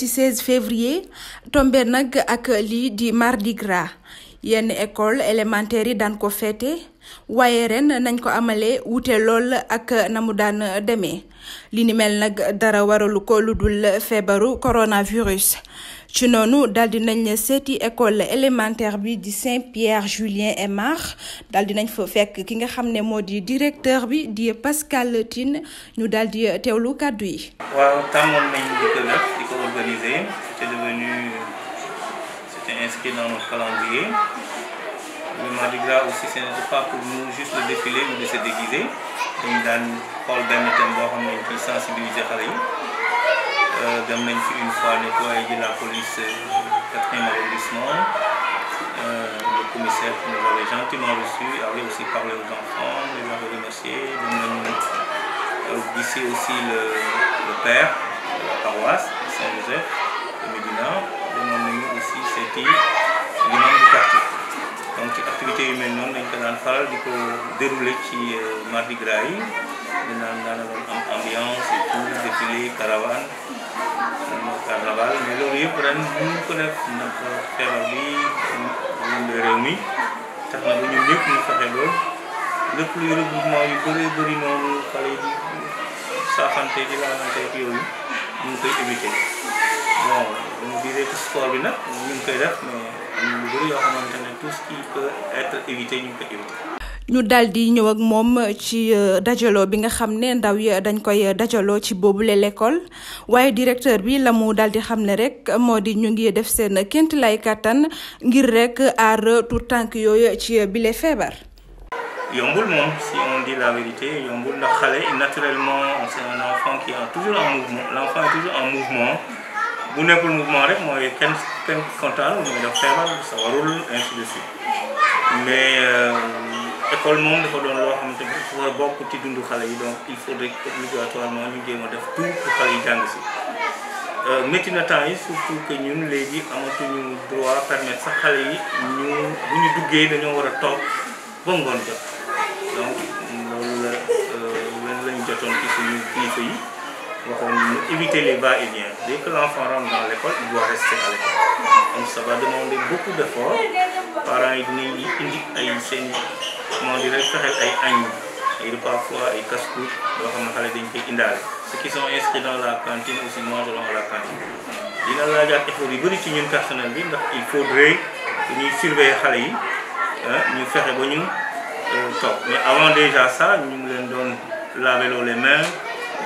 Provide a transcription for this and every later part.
ci 16 février tombe nag ak li di mardi gras yenn école élémentaire yi daan ko feete waaye ren nañ ko amalee wute lool ak na mu daan demee li ni mel nag dara waralu ko lu dul feebaru coronavirus ci noonu daal di nañ seeti école élémentaire bi di Saint-Pierre Julien et Marc daal di nañ fa fekk ki nga xam ne moo di directeur bi di Pascal Tine ñu daal di teewlu kàddu yi. organisé. C'était devenu, c'était inscrit dans notre calendrier. Le Mardi Gras aussi, ce n'était pas pour nous juste le défilé ou de se déguiser. dañu daan xool benn thème boo xam ne dañ ciy sensibiliser xale yi euh, dem nañ fi une fois nettoyer ji la police euh, quatrième arrondissement euh, le commissaire qui nous avait gentiment reçu avait aussi parlé aux enfants les a remerciés dem nañu gisi aussi le le père de Saint-Joseph de Médina demoon aussi seeti limaam noonu dañ daan faral di ko dérouler ci euh, Mardi Gras yi dinaan daana doon am ambiance et défilé caravane carnaval mais loolu yëpp ren mënuñ ko def ndax feebar bi lëmbe réew mi tax na ba ñun ñëpp ñu fexe loolu luy regroupement yu bëree bëri noonu xale yi di saafante di laalante ak yooyu ñu daldi koy ñëw ak moom ci euh, dajaloo bi nga xam ne ndaw yi dañ koy dajaloo ci boobule l'école waaye directeur bi la daldi xam ne rek moo di ñu ngi def seen ként lay kàttan ngir rek aar tout tànk yooyu ci bile feebar. yombul moom si on dit la vérité yombul ndax xale naturellement c'est un enfant toujours en mouvement l'enfant est toujours en mouvement bu nekkul mouvement rek mooy kenn kenn kontaan mooy def feebar sa warul ainsi de suite mais euh, école moom dafa doon loo xamante ni dafa ci dundu xale yi donc il def tout pour xale yi jàng si euh, métti na temps yi surtout que ñun léegi amatuñu droit permettre sax xale yi ñu bu ñu duggee dañoo war a toog ba ngoon jot donc loolu la euh, loolu lañ jotoon ci suñu kilifa yi waxoon ñu éviter les va-et-vient dès que l'enfant rentre dans l'école il doit rester à l'école donc ça va demander beaucoup d'efforts parents yi dinañ ay seen comment dire fexeel ay añ ay repas froids ay casse-croûte xam ne xale dañ koy indaale ceux qui sont inscrits dans la cantine aussi mangeront la cantine dina laajaat effort yu bëri ci ñun personnel bi ndax il faudrait que ñuy surveiller xale yi ñu fexe ba ñu octobre mais avant déjà ça ñu ngi leen doon laver les mains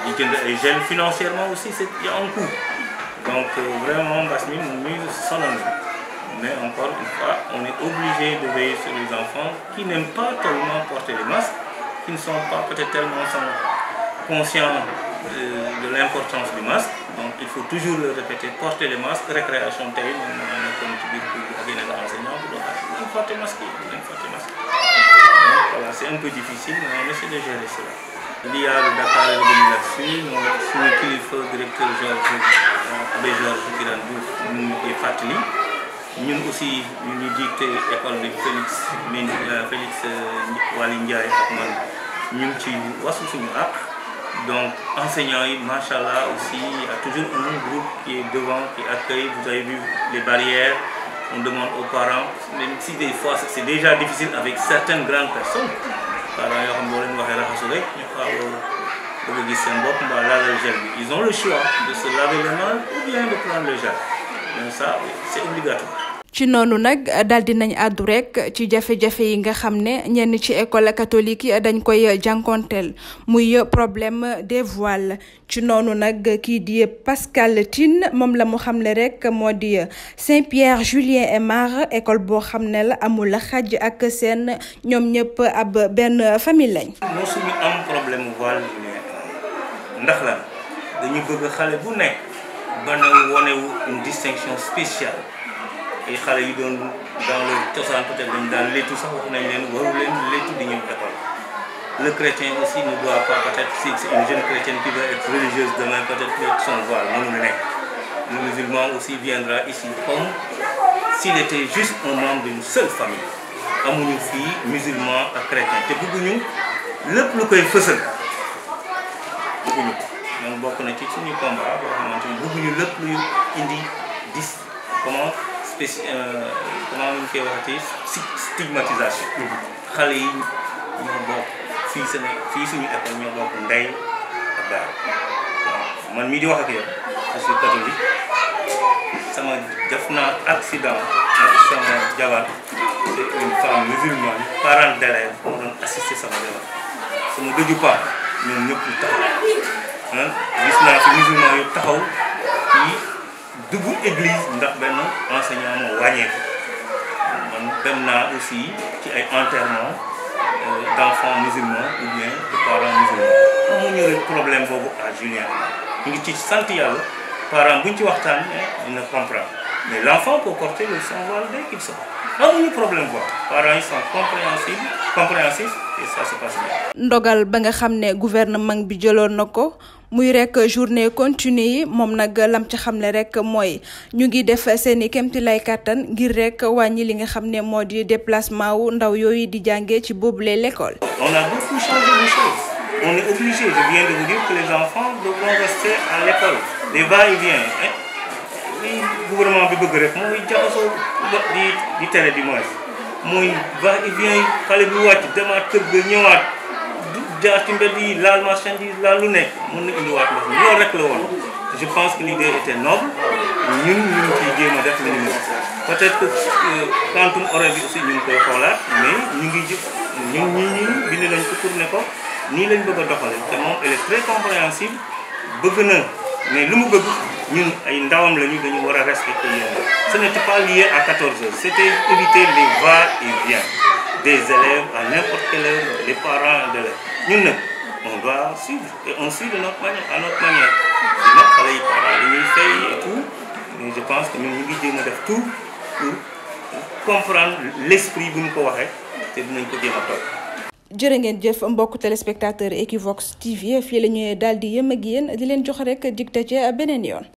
di jënd ay gel financièrement aussi c'est en coût donc euh, vraiment mbas mi mu ngi mais encore une fois on est obligé de veiller sur les enfants qui n'aiment pas tellement porter les masques qui ne sont pas peut-être tellement conscients de, l'importance du masque donc il faut toujours le répéter porter les masques récréation tey moom mooy comme ci biir kii bi ak yeneen enseignants bu doon porter c'est un peu difficile, mais on essaie de gérer cela. Il y a le est venu là-dessus, suñu directeur Georges ñu ngi koy fàttali ñun aussi ñu euh, euh, ñu Félix Mendy Félix Waly ñu ci wasu suñu yi macha allah aussi il a toujours un groupe qui est devant qui accueille vous avez vu les barrières on demande aux parents même si des fois avec certaines grandes personnes parents yoo xam boo leen waxee raxasu rek ñu a bëgg gis seen bopp mbaa laal gel bi ils ont le choix de ci noonu nag daal di nañ àddu rek ci jafe-jafe yi nga xam ne ñenn ci école katolik yi dañ koy jànkonteel muy problème des voiles ci noonu nag kii di Pascal Tine moom la mu xam ne rek moo di Saint-Pierre Julien et Marie école boo xam ne la amul xaj ak seen ñoom ñëpp ab benn famille lañ. ndax la dañu bëgg xale bu nekk ba na wone une distinction spéciale. ay xale yu doon dans le cosaan peut-être dañu daan léttu sax wax nañ leen waru leen léttu di ñëw école le chrétien aussi ne doit pas peut si c'est une jeune chrétienne qui veut être religieuse demain peut-être mettre son voile nekk le musulman aussi viendra ici comme s'il était juste un membre d'une seule famille amuñu fii musulman ak chrétien te bëgguñu lépp lu koy fësal bëgguñu ko donc bokk na ci suñu combat boo xamante ni bëgguñu indi dis comment spéci comment ñu koy waxati stigmatisation. xale yi ñoo bokk fii seen fii suñu école ñoo bokk ndey ak daal man mii di wax ak yow je suis catholique sama def naa accident ak sama jabar c'est parent d'élève moo doon assister sama jabar sama dëju paa ñoom ñëpp taxaw ah dugg église ndax benn enseignant moo man dem naa aussi ci ay enterrement euh, d'enfants musulmans ou bien de parents musulmans amuñu rek problème boobu à Julien ngi ci sant yàlla parents buñ ci waxtaan eh, dina comprendre mais l'enfant peut porter le voile dès qu'il sort amuñu problème quoi parents yi sont compréhensibles et ça se passe ndogal ba nga xam ne gouvernement bi jëloon na ko. muy rek journée continue yi moom nag lam ci xamle rek mooy ñu ngi def seeni i kémti lay kàttan ngir rekk wàññi li nga xam ne moo di déplacement wu ndaw yooyu di jànge ci boobule l'école on a beaucoup changé les choses on est obligé je de vous dire que les enfants devront rester à l'école les va-et-vient li gouvernement bi bëgg rek mooy jaxasoo vient jaar ci mbedd yi laal marchandise laal lu nekk mën na indiwaat ndox mi loolu rek la woon je pense que l'idée était noble ñun ñu ngi ciy a def lu ñu peut-être que quantum euh, horaire bi aussi ñu ngi koy xoolaat mais ñu ngi jëf ñun ñii ñii bind nañ ko pour ne ko nii lañ bëgg a doxale te moom elle est très compréhensible bëgg na mais lu mu bëgg ñun ay ndawam la ñu dañu war a respecter yéen ce n'était pas lié à 14 heures c'était éviter les va et des élèves à n'importe quelle heure, les parents d'élèves. Ñun nag on doit suivre et on suit de notre manière à notre manière nag xale yi parents yi et tout mais je pense que ñun ngi jéem a def tout pour comprendre l'esprit bu ñu ko waxee te dinañ ko jéem a topp jërë ngeen jëf mbokk téléspectateur Equivox TV fii la ñuy daal di yëm ak yéen di leen jox rek dig daje beneen yoon